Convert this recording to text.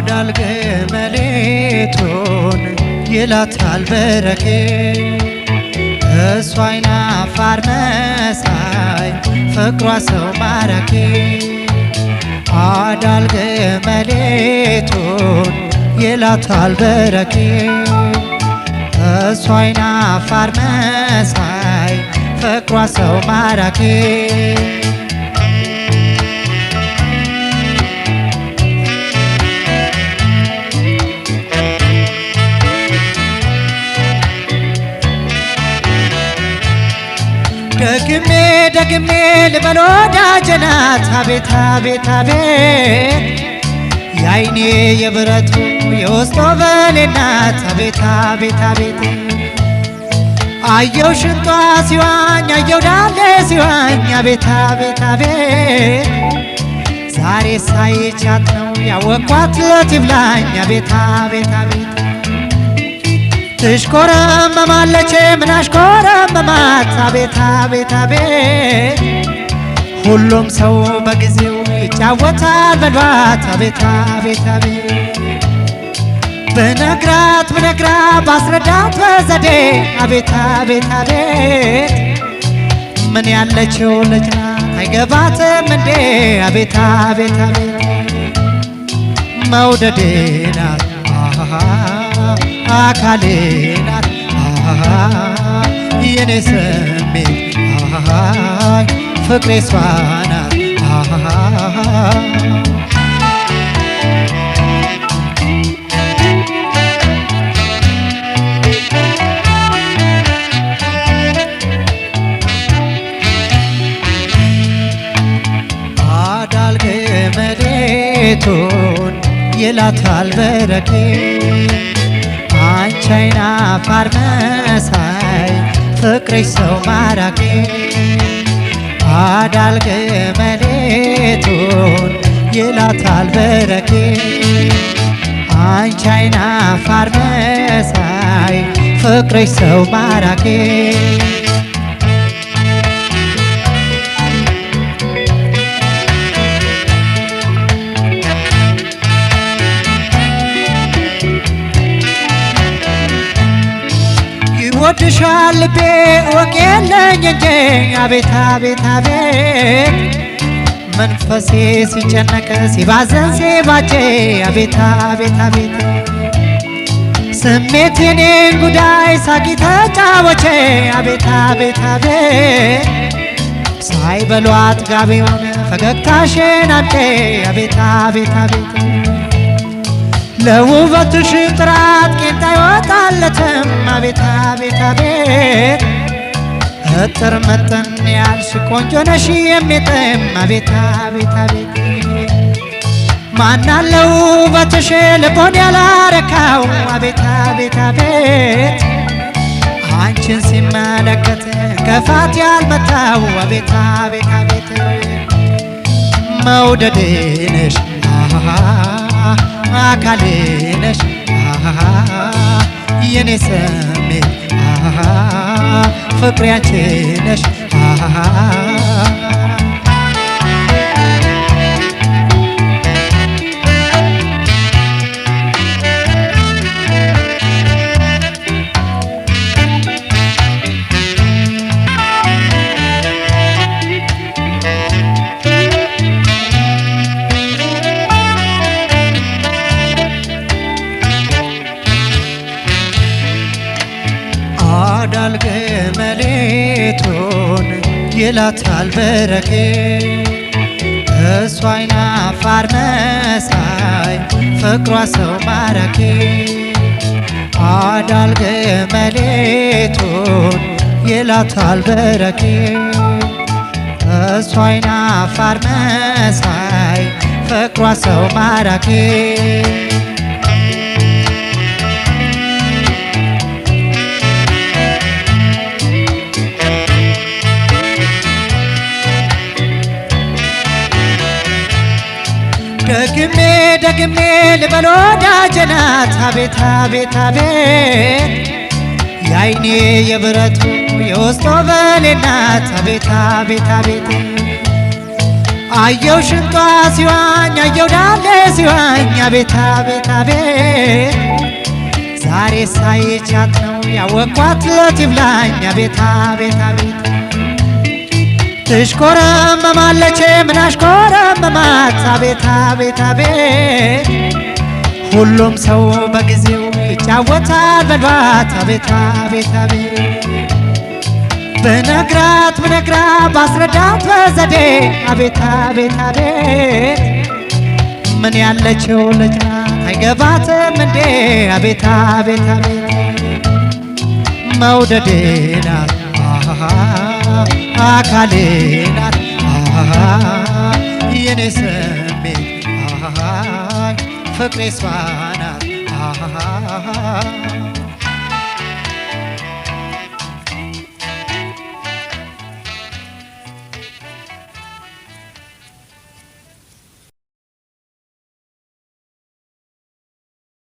ያዳል ግመሌቱን ይላታል በረኬ እሷ አይናፋር መሳይ ፍቅሯ ሰው ማራኪ አዳል ግመሌቱን ይላታል በረኬ እሷ አይናፋር መሳይ ፍቅሯ ሰው ማራኪ ደግሜ ደግሜ ልበል ወዳጄ ናት አቤት አቤት አቤት የአይኔ የብረቱ የውስጦ በሌ ናት አቤት አቤት አቤት አየው ሽንጧ ሲዋኝ አየው ዳሌ ሲዋኝ አቤት አቤት አቤት ዛሬ ሳይቻት ነው ያወኳት ትብላኝ አቤት አቤት አቤት ትሽኮረመማለች ምን አሽኮረመማት አቤት አቤት አቤት ሁሉም ሰው በጊዜው ይጫወታል በሏት አቤት አቤት አቤት በነግራት በነግራት ባስረዳት በዘዴ አቤት አቤት አቤት ምን ያለችው ልጅ ናት አይገባትም እንዴ አቤት አቤት አቤት መውደዴ ናት አካሌ ናት የኔ ስሜት ፍቅሬ እሷ ናት አዳልክ መሬቱን ይላታል በረኬ ብቻዬን አፋር መሳይ ፍቅርሽ ሰው ማራኪ አዳል ግመሌቱን ይላታል በረኪ አንቺ አይናፋር መሳይ ፍቅርሽ ሰው ማራኪ ይሻል ልቤ ወቅ የለኝ እንጂ አቤት አቤት አቤት መንፈሴ ሲጨነቀ ሲባዘን ሲባጄ አቤት አቤት አቤት ስሜቴን ጉዳይ ሳቂ ተጫወቼ አቤት አቤት አቤት ሳይበሏት ሆነ ፈገግታሽን አንዴ አቤት አቤት አቤት ለውበትሽ ጥራት ቂጣ ይወጣለትም አቤት አቤት አቤት እጥር መጠን ያልሽ ቆንጆ ነሽ የሚጥም አቤት አቤት አቤት ውበትሽ ልቦን ያላረካው አቤት አቤት አቤት አንቺን ሲመለከት ከፋት ያልመታው አቤት አቤት አቤት መውደዴ ነሽ አካሌ ነሽ የኔ ስሜት ፍቅሬ አንቺ ይላታል በረኬ እሷ አይናፋር መሳይ ፍቅሯ ሰው ማራኬ አዳል ግመሌቱን ይላታል በረኬ እሷ አይናፋር መሳይ ፍቅሯ ሰው ማራኬ ደግሜ ልበሎ ዳጀናት አቤት አቤት አቤት የአይኔ የብረቱ የውስጦ በሌናት አቤት አቤት አቤት አየው ሽንጧ ሲዋኝ አየው ዳሌ ሲዋኝ አቤት አቤት አቤት ዛሬ ሳይቻት ነው ያወኳት ትብላኝ አቤት አቤት አቤት ትሽኮረመማለች ምን አሽኮረመማት አቤት አቤት አቤት ሁሉም ሰው በጊዜው ይጫወታል በሏት አቤት አቤት አቤት ብነግራት ብነግራት ባስረዳት በዘዴ አቤት አቤት አቤት ምን ያለችው ልጅ ናት አይገባትም እንዴ አቤት አቤት አቤት መውደዴ ናት አካሌ ናት የኔ ስሜት ፍቅሬ ስፋናት